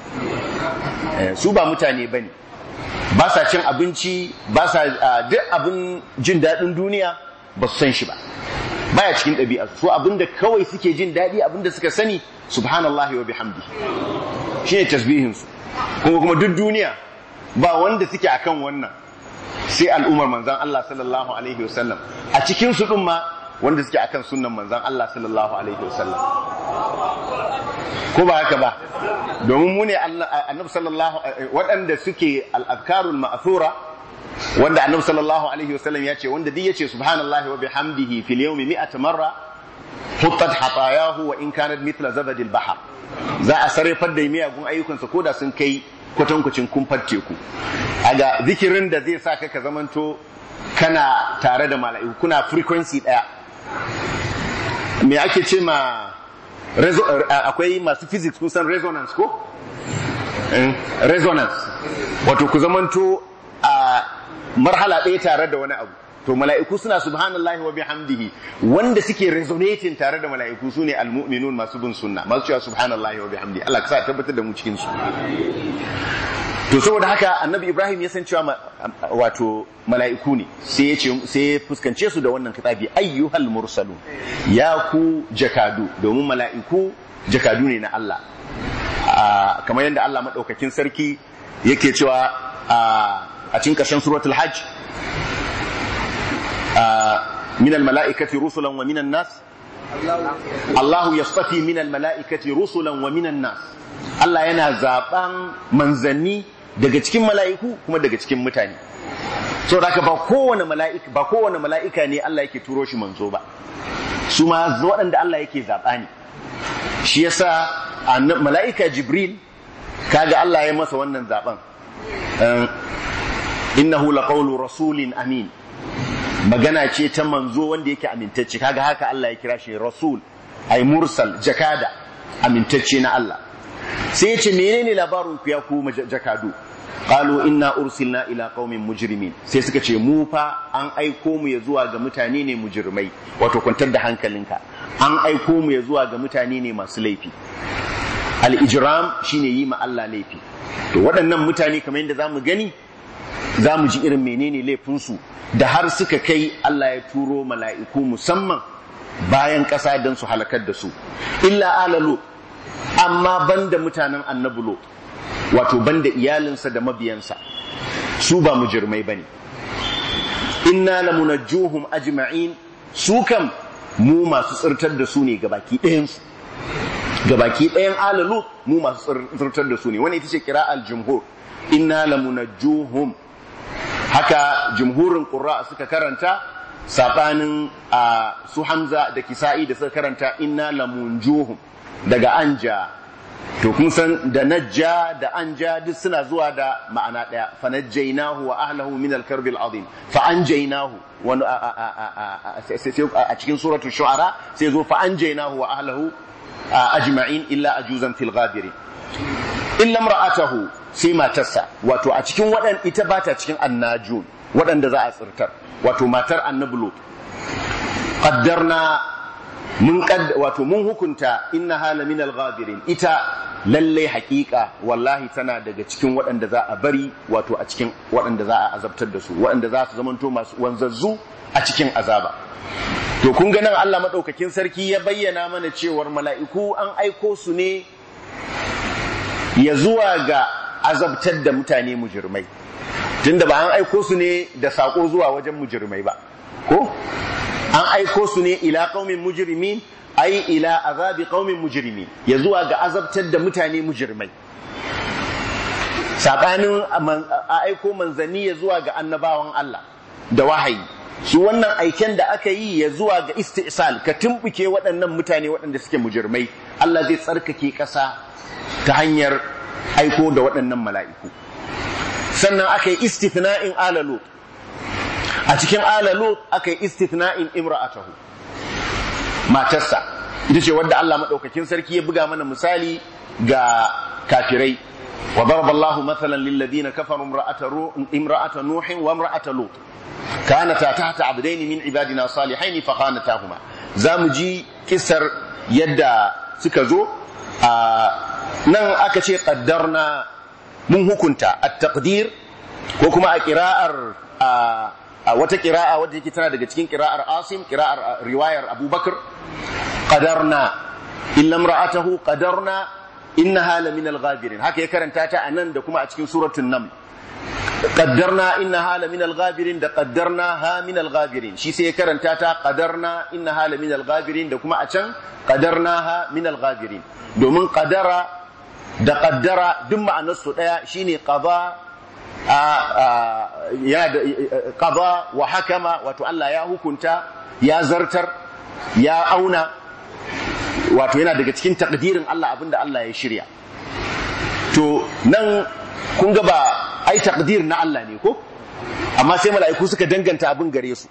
eh, su ba mutane ba ne. ba sa cin abinci ba sa duk abin jin daɗin duniya ba su san shi ba baya cikin ɗabi'a su abinda kawai suke jin daɗi abinda suka sani subhanallahi wa bihamdi shine tasbihin tasbihinsu? kuma kuma duk duniya ba wanda suke akan wannan sai al'umar manzan, Allah sallallahu alaihi wasallam a cikinsu su ma wanda suke akan sunan manzan, Allah sallallahu alaihi wasallam ko ba haka ba domin mu ne annabi sallallahu waɗanda suke al-afkarul ma'thura wanda annabi sallallahu alaihi wasallam ya ce wanda duk yace subhanallahi wa bihamdihi fil yawmi mi'at marra hutat hatayahu wa in kanat mithla zabadil bahr za a sarrafar da miyagun ayyukansa koda sun kai kwatankwacin kumfar teku aga zikirin da zai sa ka zamanto kana tare da mala'iku kuna frequency daya me ake ce ma akwai masu physics kun san resonance ko eh, resonance wato ku zamanto a ah, marhala ɗaya tare da wani abu to mala'iku suna subhanallahi wa bihamdihi wanda suke resonating tare da mala'iku su ne almu'minun masu bin sunna masu cewa subhanallahi wa bihamdihi Allah ka tabbatar da mu cikin su to saboda haka annabi Ibrahim ya san cewa wato mala'iku ne sai ya ce sai ya fuskance su da wannan kitabi ayyuhal mursalun ya ku jakadu domin mala'iku jakadu ne na Allah kamar yadda Allah madaukakin sarki yake cewa a cikin ƙarshen suratul hajj min al-mala'ikati rusulan wa minan nas Allahu yastafi min al-mala'ikati rusulan wa minan nas Allah yana zaban manzanni daga cikin mala'iku kuma daga cikin mutane so da ba kowane mala'ika ba kowane mala'ika ne Allah yake turo shi manzo ba su ma waɗanda Allah yake zaɓa ne shi yasa mala'ika Jibril kaga Allah ya masa wannan zaben ehm, innahu laqawlu rasulin amin magana ce ta manzo wanda yake amintacce kaga haka Allah ya kira shi rasul ai mursal jakada amintacce na Allah sai ya ce menene labarin ku ya ku jakadu qalu inna ursilna ila qaumin mujrimin sai suka ce mu fa an aiko mu ya zuwa ga mutane ne mujrimai wato kwantar da hankalinka an aiko mu ya zuwa ga mutane ne masu laifi al-ijram shine yi ma Allah laifi to waɗannan mutane kamar yadda zamu gani za mu ji irin menene laifinsu da har suka kai Allah ya turo mala'iku musamman bayan ƙasa don su halakar da su illa alalo amma ban da mutanen annabulo wato ban da iyalinsa da mabiyansa su ba mujirmai bane inna juhun ajimain su kam mu masu tsirtar da su ne gabaki ɗayansu gabaki ɗayan alalu mu masu tsirtar da su ne wani ita ce kira aljumhur inna juhun. haka jumhurin qurra suka karanta saɓanin su hamza da kisa'i da suka karanta inna lamunjuhum daga anja to kun san da najja da anja duk suna zuwa da ma'ana ɗaya, fa najjaynahu wa ahlahu min al-karb al-azim fa anjaynahu wa a cikin suratu shu'ara sai zo fa anjaynahu wa ahlahu ajma'in illa ajuzan fil ghabirin illa imra'atahu sai matarsa wato a cikin waɗan ita ba ta cikin annajun waɗanda za a tsirtar wato matar annabi lot qaddarna mun wato mun hukunta inna hala min ita lallai haƙiƙa wallahi tana daga cikin waɗanda za a bari wato a cikin waɗanda za a azabtar da su waɗanda za su zamanto masu wanzazzu a cikin azaba to kun ga nan Allah madaukakin sarki ya bayyana mana cewar mala'iku an aiko su ne ya zuwa ga azabtar da mutane mujirmai tunda ba an aiko su ne da saƙo zuwa wajen mujirmai ba ko an aiko su ne ila ƙaumin mujirmi ai ila azabi ƙaumin mujirmi ya zuwa ga azabtar da mutane mujirmai saƙanin a aiko manzanni ya zuwa ga annabawan Allah da wahayi su wannan aiken da aka yi ya zuwa ga istisal ka tumbuke waɗannan mutane waɗanda suke mujirmai Allah zai tsarkake ƙasa ta hanyar aiko da waɗannan mala'iku sannan aka yi istifina’in alalo a cikin alalo aka yi istithna'in imra'atahu matarsa ita ce wadda Allah maɗaukakin sarki ya buga mana misali ga kafirai wa barballahu mathalan lil ladina kafaru imra'ata nuhin wa imra'ata ta kanata ta abdaini min ibadina haini fa Za mu ji kisar yadda suka zo a nan aka ce ƙaddarna mun hukunta a taqdir ko kuma a qira'ar a wata ƙira'a wadda yake tana daga cikin ƙiraar Asim ƙiraar riwayar Abubakar qadarna illa imra'atahu qadarna innaha lamin al-ghabirin haka ya karanta ta anan da kuma a cikin suratul naml قدرنا إنها لمن ghabirin da قدرناها من ghabirin. shi sai ya karanta ta قدرنا إنها لمن ghabirin da kuma a can قدرناها من ghabirin domin qadara. da qaddara duk ma'anar su daya shine qada ya qada wa hakama wato Allah ya hukunta ya zartar ya auna wato yana daga cikin takdirin Allah abinda Allah ya shirya to nan kun ga ba ai takdir na Allah ne ko amma sai mala'iku suka danganta abin gare su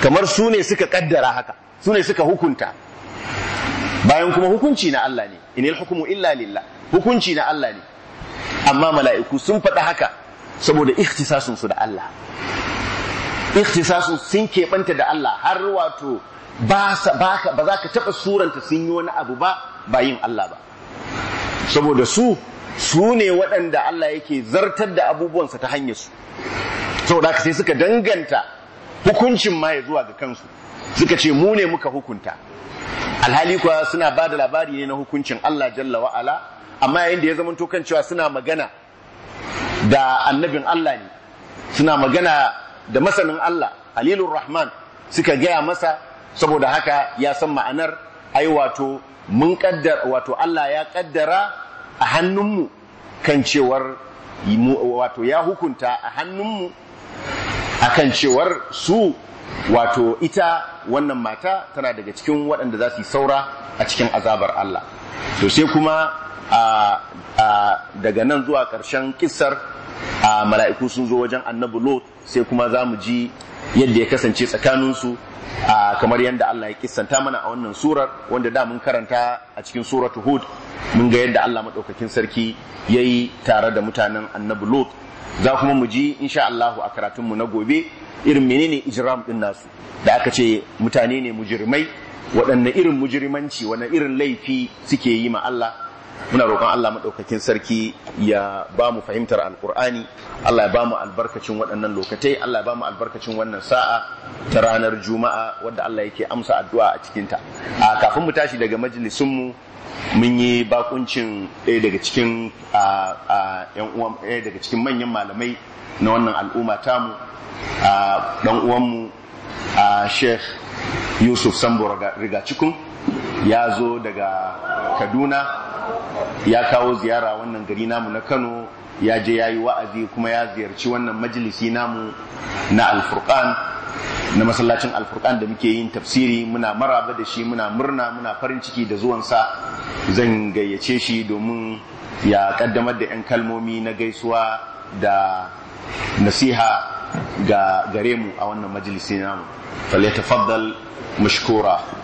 kamar su ne suka kaddara haka su ne suka hukunta bayan kuma hukunci na Allah ne inil hukmu illa lillah hukunci na Allah ne amma mala'iku sun faɗa haka saboda ikhtisasun su da Allah ikhtisasun sun keɓanta da Allah har wato ba za ka taɓa suranta sun yi wani abu ba bayin Allah ba saboda su su ne waɗanda Allah yake zartar da abubuwansa ta hanyar su saboda haka sai suka danganta hukuncin ma ya zuwa ga kansu suka ce mu ne muka hukunta alhali kuwa suna ba da labari ne na hukuncin Allah jalla wa'ala amma yayin da ya zama tokan kan cewa suna magana da annabin Allah ne suna magana da masanin Allah alilur rahman suka gaya masa saboda haka ya san ma'anar ai wato mun kaddara wato Allah ya kaddara a hannunmu kan cewar wato ya hukunta a hannunmu akan cewar su wato ita wannan mata tana daga cikin waɗanda za su yi saura a cikin azabar Allah to sai kuma daga nan zuwa ƙarshen kisar mala'iku sun zo wajen annabi lot sai kuma za mu ji yadda ya kasance tsakaninsu kamar yadda Allah ya kissanta mana a wannan surar wanda da mun karanta a cikin suratu hud mun ga yadda Allah maɗaukakin sarki ya yi tare da mutanen annabi lot za kuma mu ji insha Allahu a karatunmu na gobe irin menene ijram ɗin nasu da aka ce mutane ne mujirmai waɗanne irin mujirmanci waɗanne irin laifi suke yi ma Allah muna roƙon Allah maɗaukakin sarki ya ba mu fahimtar alƙur'ani Allah ya ba mu albarkacin waɗannan lokatai Allah ya ba mu albarkacin wannan sa'a ta ranar juma'a wadda Allah yake amsa addu'a a cikinta a kafin mu tashi daga majalisun mu mun yi bakuncin ɗaya daga cikin daga cikin manyan malamai na wannan al'umma tamu a ɗan uwanmu a Sheikh Yusuf Sambo Rigacikun ya zo daga kaduna ya kawo ziyara wannan gari namu na kano ya je ya yi wa'azi kuma ya ziyarci wannan majalisi namu na alfurkan na masallacin alfurkan da muke yin tafsiri muna maraba da shi muna murna muna farin ciki da zuwansa zan gayyace shi domin ya kaddamar da 'yan kalmomi na gaisuwa da nasiha ga gare mu a wannan majalisi namu falle mashkura